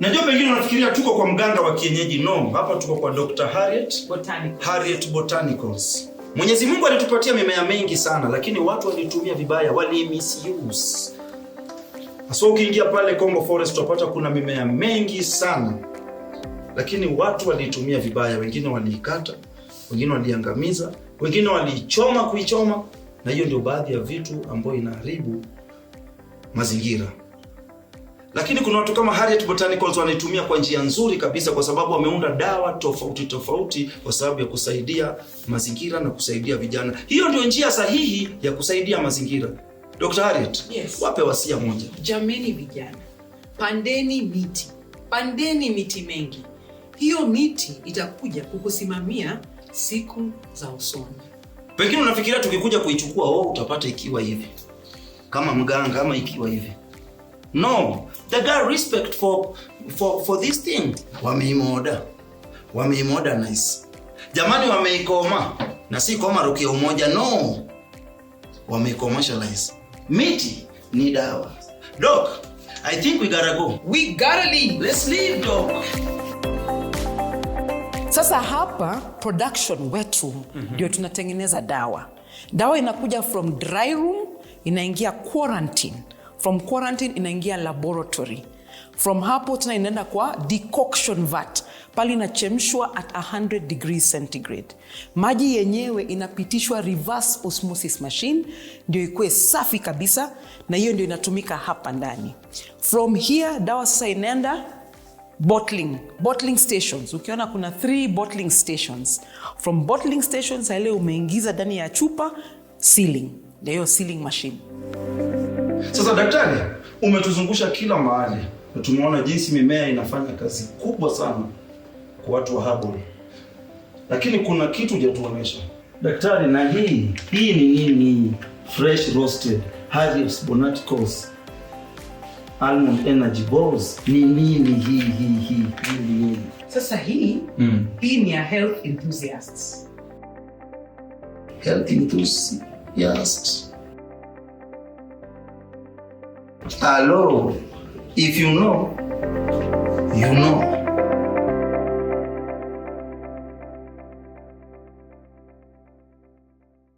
Najua pengine unafikiria tuko kwa mganga wa kienyeji. No, hapa tuko kwa Dr. Harriet Botanicals. Harriet Botanicals. Mwenyezi Mungu alitupatia mimea mengi sana, lakini watu walitumia vibaya, wali misuse. Hasa ukiingia pale Congo Forest utapata kuna mimea mengi sana, lakini watu walitumia vibaya. Wengine waliikata, wengine waliangamiza, wengine waliichoma kuichoma, na hiyo ndio baadhi ya vitu ambayo inaharibu mazingira. Lakini kuna watu kama Harriet Botanicals wanaitumia kwa njia nzuri kabisa, kwa sababu wameunda dawa tofauti tofauti kwa sababu ya kusaidia mazingira na kusaidia vijana. Hiyo ndio njia sahihi ya kusaidia mazingira. Dr. Harriet, yes. Wape wasia moja. Jameni vijana, pandeni miti, pandeni miti mengi. Hiyo miti itakuja kukusimamia siku za usoni. Pengine unafikiria tukikuja kuichukua, oh, utapata ikiwa hivi, kama mganga, ama ikiwa hivi No, the girl respect for, for, for this thing. Wameimoda, wameimoda nice. Jamani, wameikoma na si koma rukia umoja. No, wamecommercialize miti ni dawa. Doc, I think we gotta go. We gotta leave. Let's leave, doc. Sasa hapa production wetu mhm. ndio mm -hmm. Tunatengeneza dawa. Dawa inakuja from dry room, inaingia quarantine From quarantine inaingia laboratory, from hapo tena inaenda kwa decoction vat, pale inachemshwa at 100 degrees centigrade. Maji yenyewe inapitishwa reverse osmosis machine ndio ikuwe safi kabisa, na hiyo ndio inatumika hapa ndani. From here dawa sasa inaenda bottling bottling stations. Ukiona kuna three bottling stations, from bottling stations ile umeingiza ndani ya chupa ceiling ndio hiyo sealing machine. Sasa daktari, umetuzungusha kila mahali na tumeona jinsi mimea inafanya kazi kubwa sana kwa watu wa habol lakini kuna kitu hujatuonyesha daktari. Na hii hii ni nini? Fresh roasted Harris Botanicals Almond Energy Balls ni nini hii? Hii hii hii hii? sasa? Hii mm. hii ni ya health enthusiasts, health enthusiasts Hello. If you know, you know.